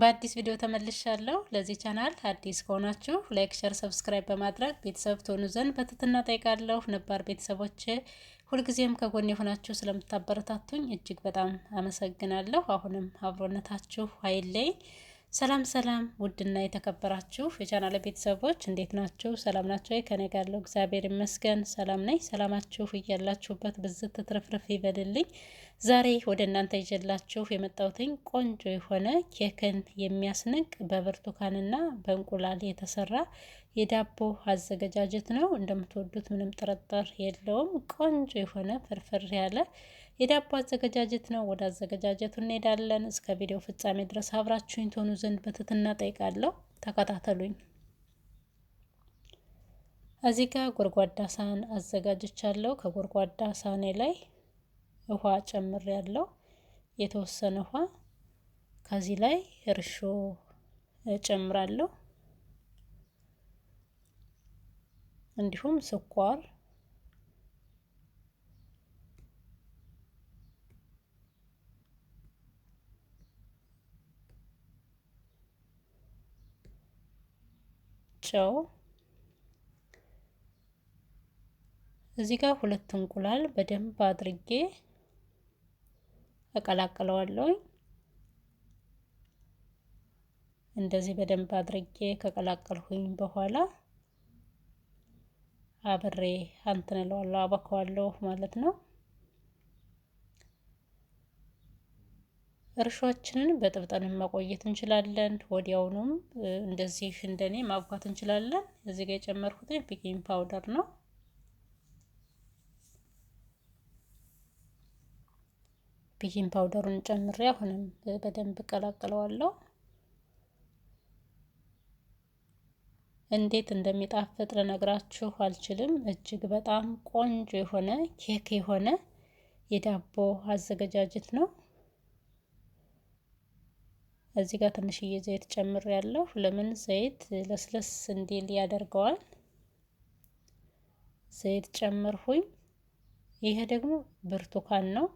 በአዲስ ቪዲዮ ተመልሻለሁ። ለዚህ ቻናል አዲስ ከሆናችሁ ላይክ፣ ሸር፣ ሰብስክራይብ በማድረግ ቤተሰብ ትሆኑ ዘንድ በትህትና ጠይቃለሁ። ነባር ቤተሰቦች ሁልጊዜም ከጎን የሆናችሁ ስለምታበረታቱኝ እጅግ በጣም አመሰግናለሁ። አሁንም አብሮነታችሁ አይለይ። ሰላም ሰላም! ውድና የተከበራችሁ የቻናል ቤተሰቦች እንዴት ናችሁ? ሰላም ናቸው? ከኔ ጋር ያለው እግዚአብሔር ይመስገን ሰላም ነኝ። ሰላማችሁ እያላችሁበት ብዝት ትርፍርፍ ይበልልኝ። ዛሬ ወደ እናንተ ይዤላችሁ የመጣሁትኝ ቆንጆ የሆነ ኬክን የሚያስንቅ በብርቱካንና በእንቁላል የተሰራ የዳቦ አዘገጃጀት ነው። እንደምትወዱት ምንም ጥርጥር የለውም። ቆንጆ የሆነ ፍርፍር ያለ የዳቦ አዘገጃጀት ነው። ወደ አዘገጃጀቱ እንሄዳለን። እስከ ቪዲዮ ፍጻሜ ድረስ አብራችሁኝ ትሆኑ ዘንድ በትህትና ጠይቃለሁ። ተከታተሉኝ። እዚህ ጋር ጎድጓዳ ሳህን አዘጋጅቻለሁ። ከጎድጓዳ ሳህኔ ላይ ውሃ ጨምር ያለው የተወሰነ ውሃ ከዚህ ላይ እርሾ እጨምራለሁ። እንዲሁም ስኳር ጨው እዚህ ጋር ሁለት እንቁላል በደንብ አድርጌ እቀላቅለዋለሁኝ። እንደዚህ በደንብ አድርጌ ከቀላቀልሁኝ በኋላ አብሬ እንትን እለዋለሁ ማለት ነው። እርሾችንን በጥብጠንም መቆየት እንችላለን። ወዲያውኑም እንደዚህ እንደኔ ማብኳት እንችላለን። እዚህ ጋር የጨመርኩት ቤኪንግ ፓውደር ነው። ቤኪንግ ፓውደሩን ጨምሬ አሁንም በደንብ እቀላቅለዋለሁ። እንዴት እንደሚጣፍጥ ልነግራችሁ አልችልም። እጅግ በጣም ቆንጆ የሆነ ኬክ የሆነ የዳቦ አዘገጃጀት ነው። እዚህ ጋር ትንሽዬ ዘይት ያለው ለምን ዘይት ለስለስ እንዲል ያደርገዋል። ዘይት ጨምርሁኝ። ይሄ ደግሞ ብርቱካን ነው።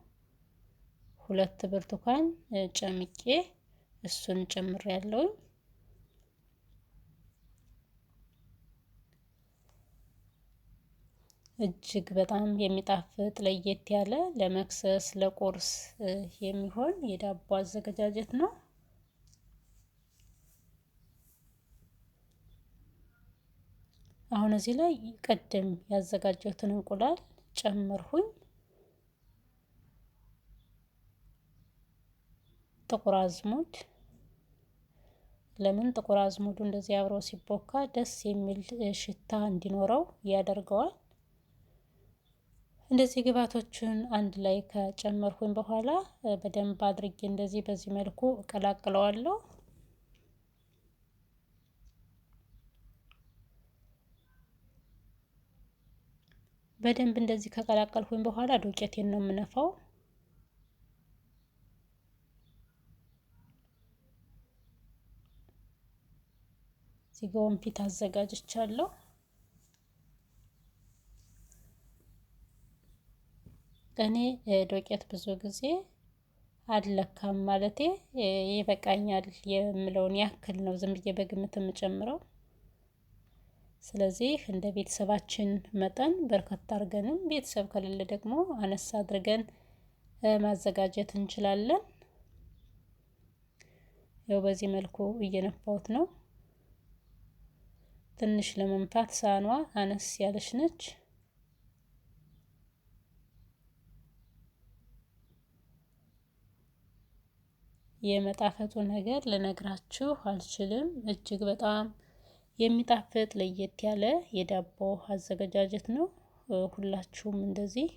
ሁለት ብርቱካን ጨምቄ እሱን ጨምር ያለውኝ እጅግ በጣም የሚጣፍጥ ለየት ያለ ለመክሰስ ለቁርስ የሚሆን የዳቦ አዘገጃጀት ነው። አሁን እዚህ ላይ ቀደም ያዘጋጀሁትን እንቁላል ጨመርሁኝ። ጥቁር አዝሙድ። ለምን ጥቁር አዝሙዱ እንደዚህ አብሮ ሲቦካ ደስ የሚል ሽታ እንዲኖረው ያደርገዋል። እንደዚህ ግብአቶችን አንድ ላይ ከጨመርኩኝ በኋላ በደንብ አድርጌ እንደዚህ በዚህ መልኩ እቀላቅለዋለሁ። በደንብ እንደዚህ ከቀላቀልኩኝ በኋላ ዱቄቴን ነው የምነፋው። እዚህ ጋር ወንፊት አዘጋጅቻለሁ። እኔ ዶቄት ብዙ ጊዜ አለካም ማለቴ ይበቃኛል የምለውን ያክል ነው ዝም ብዬ በግምት የምጨምረው። ስለዚህ እንደ ቤተሰባችን መጠን በርከት አድርገንም ቤተሰብ ከሌለ ደግሞ አነስ አድርገን ማዘጋጀት እንችላለን። ያው በዚህ መልኩ እየነፋሁት ነው። ትንሽ ለመምታት ሳህኗ አነስ ያለች ነች። የመጣፈጡ ነገር ልነግራችሁ አልችልም። እጅግ በጣም የሚጣፍጥ ለየት ያለ የዳቦ አዘገጃጀት ነው። ሁላችሁም እንደዚህ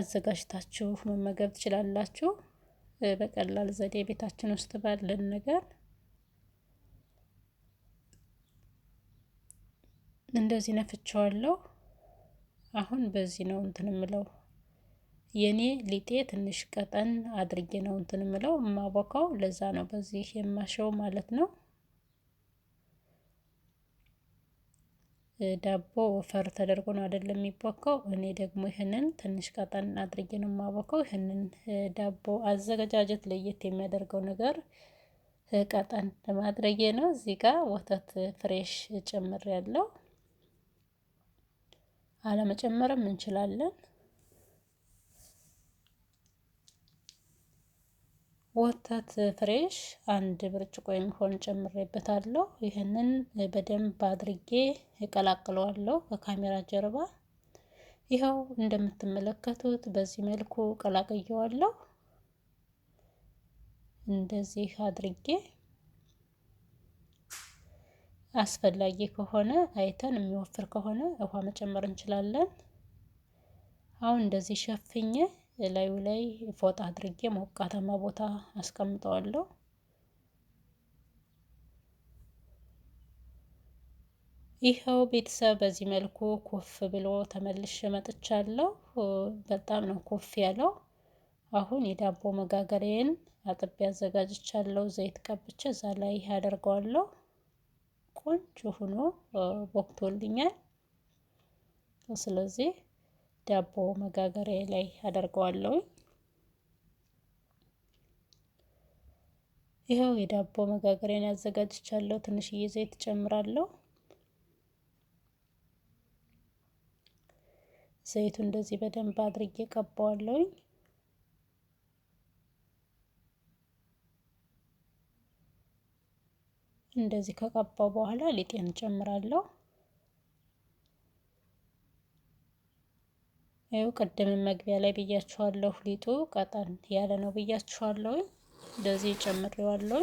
አዘጋጅታችሁ መመገብ ትችላላችሁ። በቀላል ዘዴ ቤታችን ውስጥ ባለን ነገር እንደዚህ ነፍቼዋለሁ። አሁን በዚህ ነው እንትን ምለው የኔ ሊጤ ትንሽ ቀጠን አድርጌ ነው እንትን ምለው የማቦካው። ለዛ ነው በዚህ የማሸው ማለት ነው። ዳቦ ወፈር ተደርጎ ነው አይደለም የሚቦካው። እኔ ደግሞ ይህንን ትንሽ ቀጠን አድርጌ ነው የማቦካው። ይህንን ዳቦ አዘገጃጀት ለየት የሚያደርገው ነገር ቀጠን ለማድረጌ ነው። እዚህ ጋር ወተት ፍሬሽ ጨምር ያለው። አለመጨመርም እንችላለን። ወተት ፍሬሽ አንድ ብርጭቆ የሚሆን ጨምሬበታለሁ። ይህንን በደንብ አድርጌ እቀላቅለዋለሁ ከካሜራ ጀርባ። ይኸው እንደምትመለከቱት በዚህ መልኩ ቀላቅየዋለሁ። እንደዚህ አድርጌ አስፈላጊ ከሆነ አይተን የሚወፍር ከሆነ ውሃ መጨመር እንችላለን። አሁን እንደዚህ ሸፍኜ እላዩ ላይ ፎጣ አድርጌ ሞቃታማ ቦታ አስቀምጠዋለሁ። ይኸው ቤተሰብ በዚህ መልኩ ኮፍ ብሎ ተመልሼ መጥቻለሁ። በጣም ነው ኮፍ ያለው። አሁን የዳቦ መጋገሪያን አጥቤ አዘጋጅቻለሁ። ዘይት ቀብቼ እዛ ላይ አደርገዋለሁ። ቆንጆ ሆኖ ወቅቶልኛል። ስለዚህ ዳቦ መጋገሪያ ላይ አደርገዋለሁ። ይኸው የዳቦ መጋገሪያን ያዘጋጅቻለሁ። ትንሽዬ ዘይት ጨምራለሁ። ዘይቱ እንደዚህ በደንብ አድርጌ ቀባዋለሁኝ። እንደዚህ ከቀባው በኋላ ሊጤን ጨምራለሁ ይኸው ቅድም መግቢያ ላይ ብያችኋለሁ፣ ሊጡ ቀጠን ያለ ነው ብያችኋለሁ። እንደዚህ ጨምሬዋለሁ።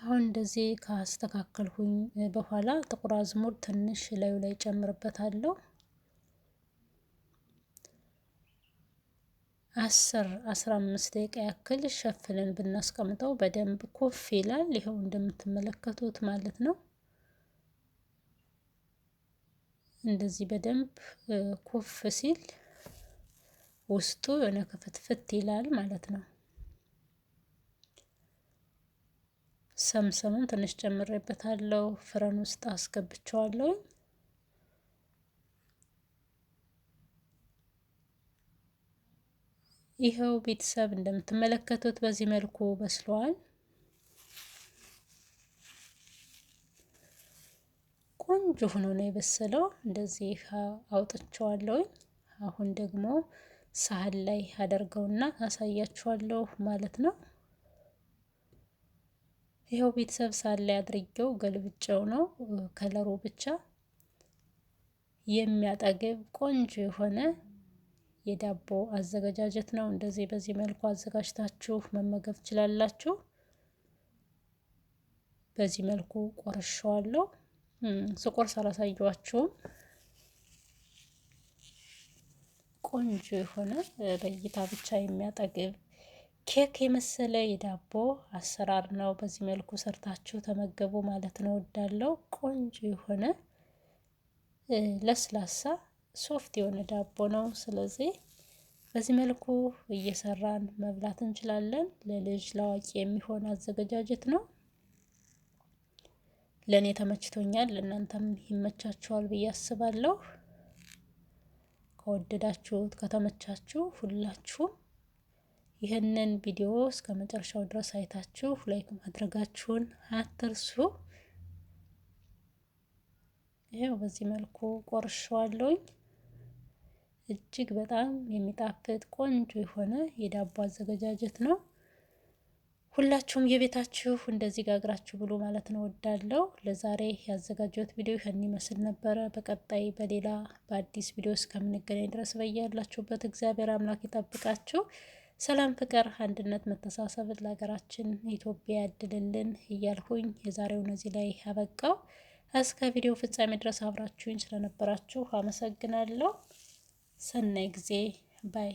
አሁን እንደዚህ ካስተካከልሁኝ በኋላ ጥቁር አዝሙድ ትንሽ ላዩ ላይ ጨምርበታለሁ። አስር አስራ አምስት ደቂቃ ያክል ሸፍነን ብናስቀምጠው በደንብ ኮፍ ይላል። ይኸው እንደምትመለከቱት ማለት ነው። እንደዚህ በደንብ ኮፍ ሲል ውስጡ የሆነ ክፍትፍት ይላል ማለት ነው። ሰምሰሙን ትንሽ ጨምሬበታለሁ። ፍረን ውስጥ አስገብቸዋለሁ። ይኸው ቤተሰብ እንደምትመለከቱት በዚህ መልኩ በስለዋል። ቆንጆ ሆኖ ነው የበሰለው። እንደዚህ አውጥቸዋለሁ። አሁን ደግሞ ሳህን ላይ አደርገውና አሳያችኋለሁ ማለት ነው። ይኸው ቤተሰብ ሳህን ላይ አድርጌው ገልብጨው ነው ከለሩ ብቻ የሚያጠግብ ቆንጆ የሆነ የዳቦ አዘገጃጀት ነው። እንደዚህ በዚህ መልኩ አዘጋጅታችሁ መመገብ ትችላላችሁ። በዚህ መልኩ ቆርሸዋለሁ። ስቆርስ አላሳየዋችሁም። ቆንጆ የሆነ በእይታ ብቻ የሚያጠግብ ኬክ የመሰለ የዳቦ አሰራር ነው። በዚህ መልኩ ሰርታችሁ ተመገቡ ማለት ነው። ወዳለው ቆንጆ የሆነ ለስላሳ ሶፍት የሆነ ዳቦ ነው። ስለዚህ በዚህ መልኩ እየሰራን መብላት እንችላለን። ለልጅ ለአዋቂ የሚሆን አዘገጃጀት ነው። ለእኔ ተመችቶኛል፣ ለእናንተም ይመቻችኋል ብዬ አስባለሁ። ከወደዳችሁት ከተመቻችሁ ሁላችሁም ይህንን ቪዲዮ እስከ መጨረሻው ድረስ አይታችሁ ላይክ ማድረጋችሁን አትርሱ። ይኸው በዚህ መልኩ ቆርሸዋለሁኝ። እጅግ በጣም የሚጣፍጥ ቆንጆ የሆነ የዳቦ አዘገጃጀት ነው። ሁላችሁም የቤታችሁ እንደዚህ ጋግራችሁ ብሎ ማለት ነው ወዳለው ለዛሬ ያዘጋጀሁት ቪዲዮ ይህን ይመስል ነበረ። በቀጣይ በሌላ በአዲስ ቪዲዮ እስከምንገናኝ ድረስ በያላችሁበት እግዚአብሔር አምላክ ይጠብቃችሁ። ሰላም፣ ፍቅር፣ አንድነት፣ መተሳሰብን ለሀገራችን ኢትዮጵያ ያድልልን እያልሁኝ የዛሬውን እዚህ ላይ ያበቃው። እስከ ቪዲዮ ፍጻሜ ድረስ አብራችሁኝ ስለነበራችሁ አመሰግናለሁ። ሰናይ ጊዜ ባይ